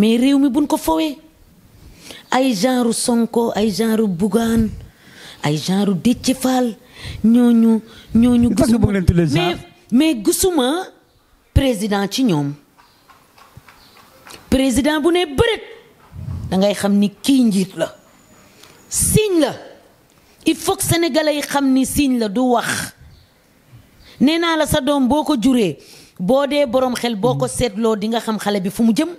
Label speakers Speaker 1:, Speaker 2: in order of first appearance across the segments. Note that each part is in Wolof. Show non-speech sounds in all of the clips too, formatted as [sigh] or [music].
Speaker 1: mais réew mi buñ ko fowee ay genre Sonko ay genre Bougane ay genre Déthié Fall ñooñu ñooñu. gisuma mais mais président ci ñoom président bu ne bëreet da ngay xam ni kii njiit la signe la il faut que sénégalais yi xam ni signe la du wax nee naa la sa doom boo ko juree boo dee boroom xel boo ko seetloo di nga xam xale bi fu mu jëm.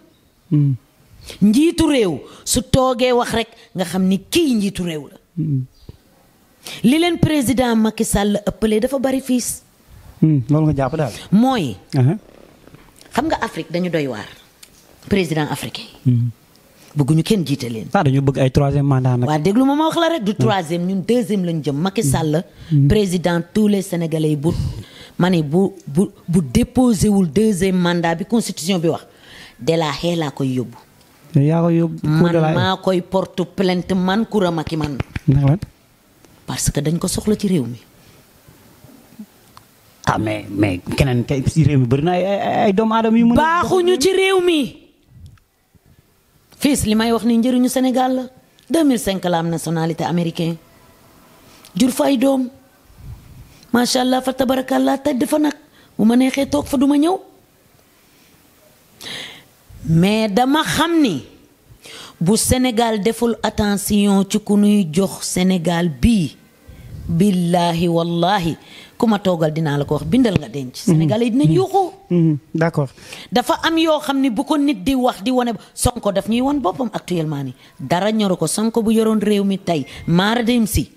Speaker 1: njiitu réew su toogee wax rek nga xam ni kii njiitu réew la. li leen président Macky Sall ëppalee dafa bari fiis loolu nga jàpp daal. mooy. xam nga Afrique dañu doy waar. président africain. bëgguñu kenn jiite leen. ah dañu bëgg ay troisième mandat nag. waa déglu ma ma wax la rek du troisième ñun deuxième lañu jëm. Macky Sall président tous les sénégalais bu ma ne bu bu bu déposé wul deuxième mandat bi constitution bi wax. de la xee laa koy yóbbu. man maa koy porte plainte man Coura Macky man. parce que dañ ko soxla ci réew mi. ah mais mais keneen kay si réew mi barina na ay ay doomu aadama yu mën baaxuñu ci réew mi. fils li may wax ni njëriñu Sénégal la 2005 la am nationalité américain jur fa ay doom macha allah fa tabarakallah tëdd fa nag bu ma neexee toog fa du ma ñëw. mais dama xam ni bu Sénégal deful attention ci ku nuy jox Sénégal bii billaahi wallaahi ku ma toogal dinaa la ko wax bindal nga denc. Mhm. Sénégal yi dina mhm. yuuxu. Mhm. d'accord dafa am yoo xam ni bu ko nit di wax di wane Sonko daf ñuy won boppam actuellement ni dara ñoru ko Sonko bu yoroon réew mi tey maar dem si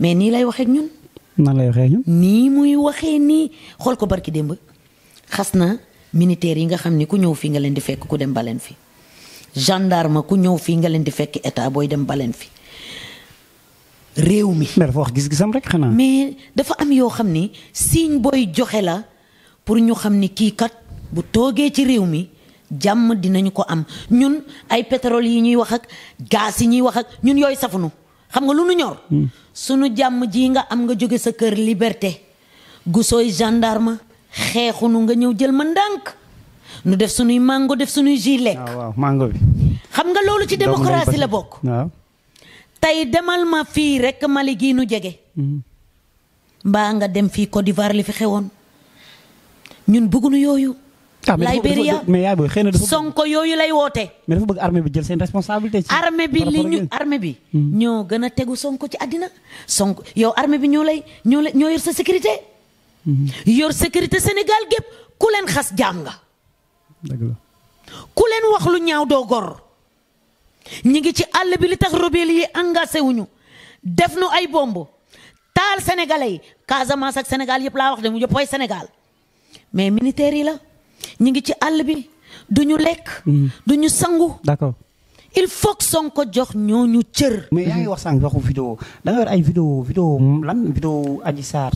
Speaker 1: mais nii lay waxee ñun. nan lay waxee ñun. nii muy waxee nii xool ko barki démb xas na. militaire yi nga xam ni ku ñëw fii nga leen di fekk ku dem baleen fi gendarme ku ñëw fii nga leen di fekk état booy dem baleen fi réew mi. mais dafa wax gis-gisam rek xanaa. mais dafa am yoo xam ni signe booy joxe la pour ñu xam ni kii kat bu toogee ci réew mi jàmm dinañu ko am ñun ay pétrole yi ñuy wax ak gaz yi ñuy wax ak ñun yooyu safunu xam nga lu nu ñor. Hmm. sunu jàmm ji nga am nga jóge sa kër liberté gusooy gendarme. xeexu nu nga ñëw jël ma ndànk nu def sunuy mango def sunuy jus lekk ah, waaw bi xam nga loolu ci démocratie la bokk waaw tey demal ma fii rek Mali gii nu jege mm-hmm. mbaa nga dem fii Côte li fi xewoon ñun nu yooyu ah, Liberia Sonko yooyu lay woote mais dafa bëgg armée bi jël seen responsabilité armée bi li ñu armée bi mm-hmm. ñoo gën a tegu Sonko ci àddina Sonko yow armée bi ñoo lay ñoo lay ñoo yor sa sécurité yor sécurité Sénégal gépp ku leen xas jaam nga. la ku leen wax lu ñaaw doo gor. ñi ngi ci àll bi li tax rebelle yi engagé wuñu def nu ay bomb taal sénégalais yi Casamance ak Sénégal yëpp laa wax de mu yëppooy Sénégal mais militaires yi la ñi ngi ci àll bi du lekk. Mm-hmm. du ñu sangu. d'accord. il faut que jox
Speaker 2: ñooñu cër. mais yaa wax sànq waxu vidéo da nga yor ay vidéo vidéo lan vidéo Adji Sarr.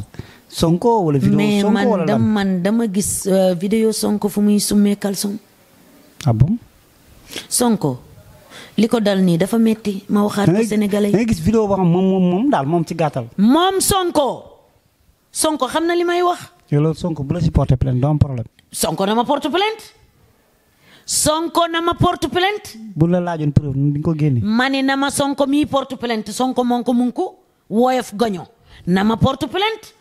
Speaker 2: sonko wala vidéo sonko man
Speaker 1: dama gis euh, vidéo sonko fu muy summee kalson. ah sonko li ko dal nii dafa metti ma waxaat ko sénégalais yi da gis vidéo boo xam moom moom daal moom ci gàttal. moom sonko. sonko xam na li may wax.
Speaker 2: yow loolu sonko bu la si porté plainte doo am problème.
Speaker 1: sonko na ma porte plainte. sonko na ma porte plainte.
Speaker 2: bu la laajoon preuve di nga ko génne.
Speaker 1: ma na ma sonko mii porte plainte sonko moom ko mu ngi ko woyof gaño na ma porte plainte.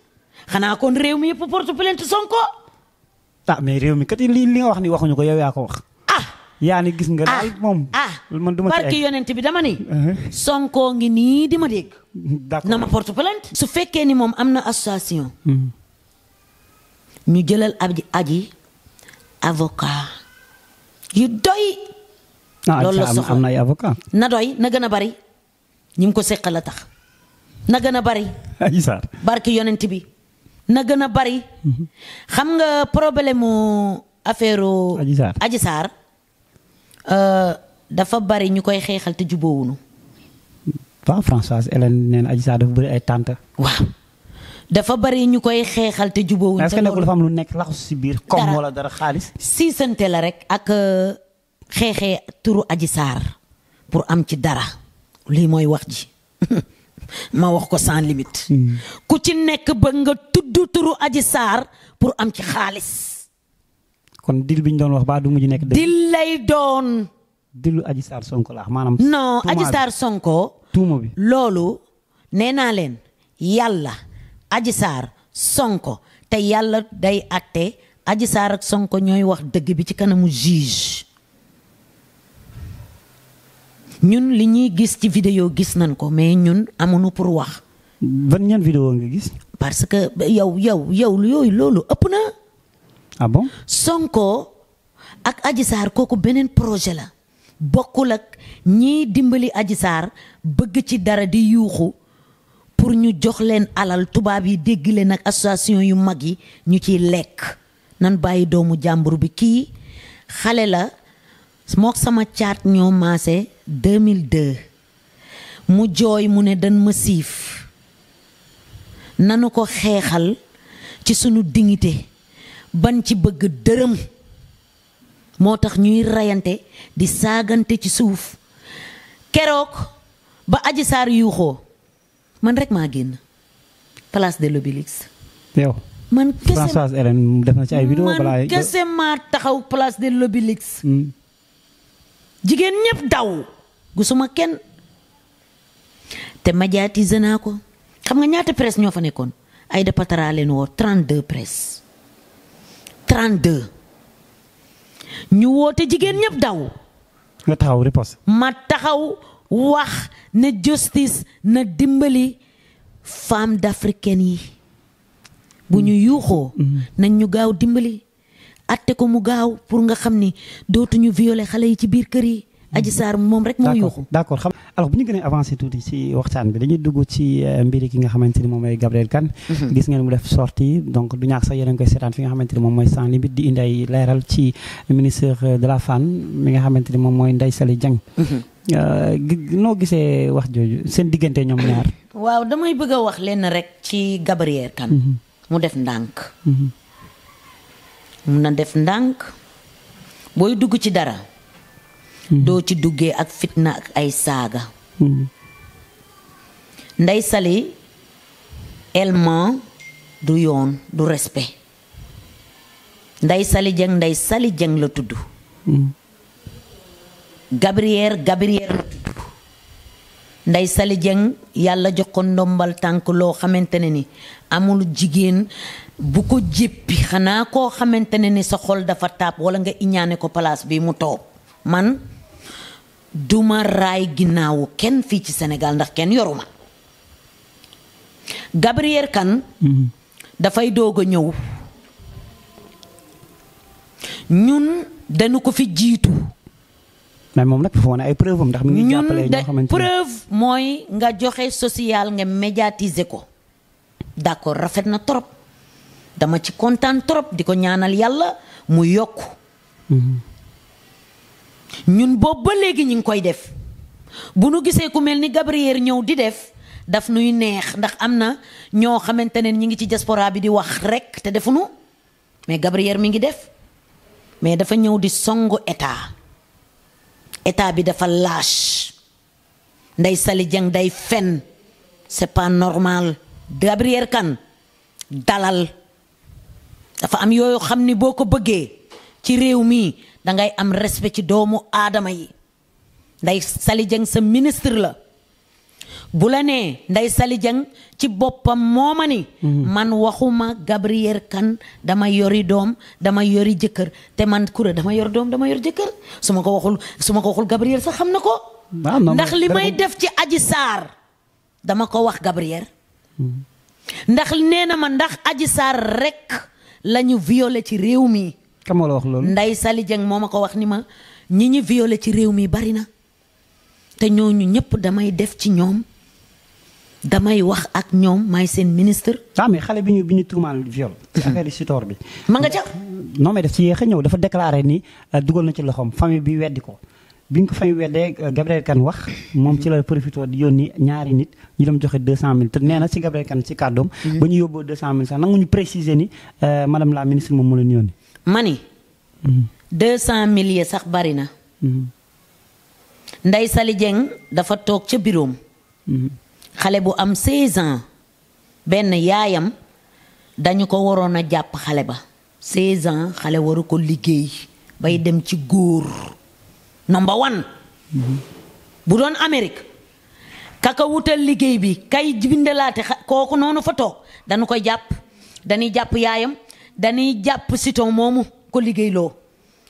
Speaker 1: xanaa kon réew mi yëpp porte plainte Sonko.
Speaker 2: ah mais réew mi kat lii li nga wax ni waxuñu ko yow yaa ko wax. ah yaa ni gis nga. Ah. daal moom
Speaker 1: ah. man du ma ci barki bi dama ni. Uh-huh. Sonko ngi nii di ma dégg. na ma porte plainte. su fekkee ni moom am na association. Hmm. jëlal ab aji avocat yu doy. Ah, loolu la na ay avocat na gën a bari ñi mu ko seqal la tax na gën a bari. [laughs] ay barki yonent bi. na gën a bari. xam nga problème mu affaire. Adji Sarr Adji Sarr euh, dafa bari ñu koy xeexal te jubóowuñu.
Speaker 2: waaw Françoise bari ay tante.
Speaker 1: bari ñu koy xeexal te jubóowuñu. lu nekk laxu si biir. dara comme wala dara xaalis. si sante la rek ak euh, xeexee turu Adji pour am ci dara lii mooy wax ji. [laughs] ma wax ko sans limite. ku ci nekk ba nga tudd turu aji saar pour am ci xaalis. kon dil bi ñu
Speaker 2: doon wax ba du mujj nekk. dil
Speaker 1: lay doon. dilu aji saar sonko la maanaam. non aji saar sonko. tuuma bi loolu nee naa leen yàlla aji saar sonko te yàlla day acté aji saar sonko ñooy wax dëgg bi ci kanamu juge. ñun li ñuy gis ci vidéo gis nañ ko mais ñun amuñu pour wax. ban ñan vidéo nga gis. parce que yow yow yow yooyu loolu ëpp na. ah Sonko ak ajisaar kooku beneen projet la bokkul ak ñiy dimbali ajisaar bëgg ci dara di yuuxu pour ñu jox leen alal tubaab yi dégg leen ak association yu mag yi ñu ciy lekk nan bàyyi doomu jàmbur bi kii xale la mook sama caat ñoo maase 2002 mu jooy mu ne dan ma siif nanu ko xeexal ci sunu dignité ban ci bëgg dërëm moo tax ñuy reyante di saagante ci suuf keroog ba aji saar yuuxoo man rek maa génn place de l'Obélisque yow man kese maa taxaw place de l'Obélisque hmm. jigéen ñëpp daw gisuma kenn te médiatiser naa ko xam nga ñaati presse ñoo fa nekkoon ay de patara leen woo 32 presse 32 ñu woote jigéen ñëpp daw.
Speaker 2: nga taxaw riposte.
Speaker 1: ma taxaw wax ne justice na dimbali femme d'africaine yi bu ñu mm. yuuxoo. Mm. nañ ñu gaaw dimbali. atte ko mu gaaw pour nga xam ni dootu dootuñu violer xale yi ci biir kër yi. Adji Sarr moom rek moo yuuxu
Speaker 2: d' accord xam bu ñu gën a avancé tuuti waxtaan bi dañuy dugg ci euh, ki nga xamante ni moom mooy Gabriel Kane mhm. gis ngeen mu def sortie donc du ñàkk sax yéen koy seetaan fi nga xamante ni moom mooy sans limite di indi ay leeral ci ministre euh, de la femme mi nga xamante ni moom mooy Ndeye Saly Dieng mhm. euh, noo gisee wax jooju seen diggante ñoom ñaar
Speaker 1: waaw damay bëgg wax lenn rek ci Gabriel Kane mhm. mu def ndànk mun na def ndànk booy dugg ci dara hmm. doo ci duggee ak fitna ak ay saaga hmm. ndey sali elman du yoon du respe ndey sali jëng ndey sali jëng la tudd hmm. gabriel gabriel Ndeye Saly Dieng yàlla jox ko ndombal tànk loo xamante ne ni amul jigéen bu ko jéppi xanaa koo xamante ne ni sa xol dafa taab wala nga iñaane ko palaas bi mu toog man duma raay ginnaawu kenn fii ci Sénégal ndax kenn yoruma Gabrielle Kane mm-hmm. dafay doog a ñëw ñun
Speaker 2: dañu ko fi jiitu mais moom nag foo ne ay preuve am ndax mi ngi jàppale ñoo
Speaker 1: mooy nga joxe social nga médiatiser ko d'accord rafet na trop dama ci kontaan trop di ko ñaanal yàlla mu yokk mm-hmm. ñun boobu ba léegi ñu ngi koy def bu nu gisee ku mel ni Gabriel ñëw di def daf nuy neex ndax am na ñoo xamante ne ñi ngi ci diaspora bi di wax rekk te defuñu mais Gabriel mi ngi def mais dafa ñëw di songu état état bi dafa lâche Ndeye Saly day fen c'est pas normal Gabrielle Kane dalal dafa am yooyu xam ni boo ko bëggee ci réew mi dangay am respect ci doomu aadama yi Ndeye Saly Dieng sa ministre la bu la nee Ndeye Saly ci boppam mooma ni mhm. man waxuma Gabrielle Kane dama yori doom dama yori jëkkër te man kura dama yor doom dama yor jëkkër su ma ko waxul su ma ko waxul sax xam na ko ndax li may def ci aji saar dama ko wax Gabrielle mhm. ndax nee na ma ndax aji Sarr rek la ñu violé ci réew mi kam la wax loolu Ndeye Saly Dieng moo ma ko wax ni ma ñi ñi viole ci réew mii bari na te ñooñu ñëpp damay def ci ñoom damay wax ak ñoom maay seen ministre. ah mais xale
Speaker 2: bi ñu bi ñu tuumaal viol. ci affaire yi sitoor bi. ma nga ca. non mais daf ci yéex a ñëw dafa déclaré ni euh, dugal na ci loxoom famille bi weddi ko bi ñu ko fay weddee euh, Gabriel kan wax moom ci la profité di yónni ñaari nit ñu dem joxe 200000 te nee na si Gabriel Kane si kàddoom. Mhm. ba ñu yóbboo 200000 sax nangu ñu préciser ni euh, madame la ministre moom moo leen yónni. ma ni.
Speaker 1: 200000 mhm. yi sax bari na. Mhm. Ndeye Saly Dieng dafa toog ca xale bu am 16 benn yaayam dañu ko waroon a jàpp xale ba 16 ans xale waru ko liggéey bay dem ci góor number one bu doon Amérique kaka wutal liggéey bi kay bindalaate kooku noonu fa toog dañu koy jàpp dañuy jàpp yaayam dañuy jàpp siton moomu ko liggéeyloo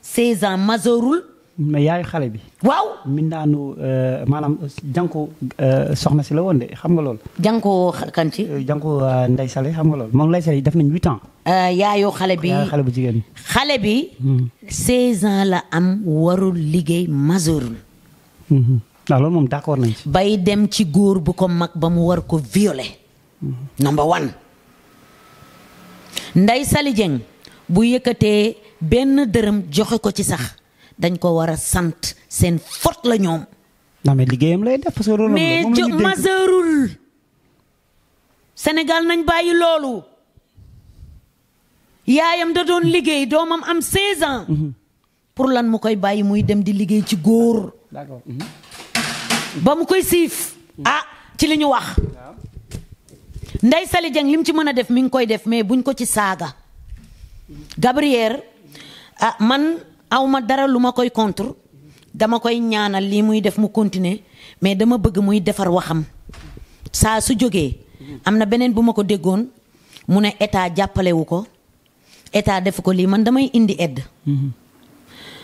Speaker 1: 16 ans majeurul mais yaayu xale bi. waaw mbindaanu euh, maanaam jànku
Speaker 2: euh, soxna si la woon de xam nga lool jànku kan ci. Euh, jànku Ndeye Sale xam nga loolu moom Ndeye Sale def nañ huit ans.
Speaker 1: yaayu xale bi yaayu xale bu jigéen xale bi. Hmm. seize ans la am warul liggéey majeurul. waaw hmm. ah, loolu moom d'accord nañ ci. bay dem ci góor bu ko mag ba mu war ko violer. Hmm. number one. Ndeye Sali Dieng bu yëkkatee benn dërëm joxe ko ci sax. dañ ko war a sant seen fot la ñoom. non mais liggéeyam lay def parce que
Speaker 2: loolu
Speaker 1: Sénégal nañ bàyyi loolu. yaayam da doon liggéey doomam am 16 ans. Mhm. pour lan mu koy bàyyi muy dem di liggéey ci góor. d'accord. Mhm. ba mu koy siif. Mhm. ah ci li ñu wax. Ndeye Saly Dieng li mu ci mën a def mi ngi koy def mais buñ ko ci saaga. Gabrielle ah man. awma dara lu ma koy contre dama koy ñaanal lii muy def mu continuer mais dama bëgg muy defar waxam saa su jógee am na beneen bu ma ko déggoon mu ne état jàppalewu ko état def ko lii man damay indi aide mhm.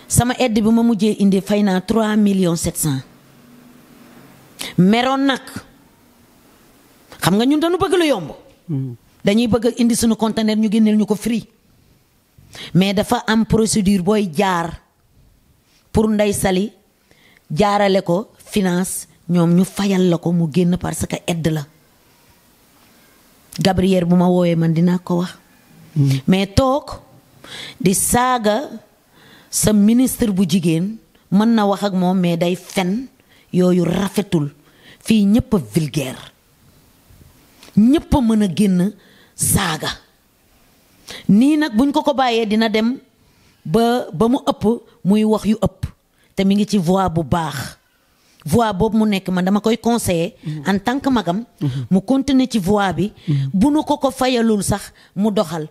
Speaker 1: sama aide bi ma mujjee indi fay naa trois millions sept cent meroon nag xam nga ñun danu bëgg lu yomb mhm. dañuy bëgg indi sunu conteneur ñu génneel ñu ko free mais dafa am procédure booy jaar pour ndey sali jaarale ko finance ñoom ñu fayal la ko mu génn parce que edd la Gabriel bu ma woowee man dinaa ko wax hmm. mais toog di saaga sa ministre bu jigéen mën na wax ak moom mais day fen yooyu rafetul fii ñépp a vulgaire ñépp mën a génn saaga nii nag buñ ko ko bàyyee dina dem ba ba mu ëpp muy wax yu ëpp te mi ngi ci voix bu baax voix boobu mu nekk man dama koy conseiller mhm. en tant que magam mhm. mu continuer ci voix bi mhm. bu nu ko ko fayalul sax mu doxal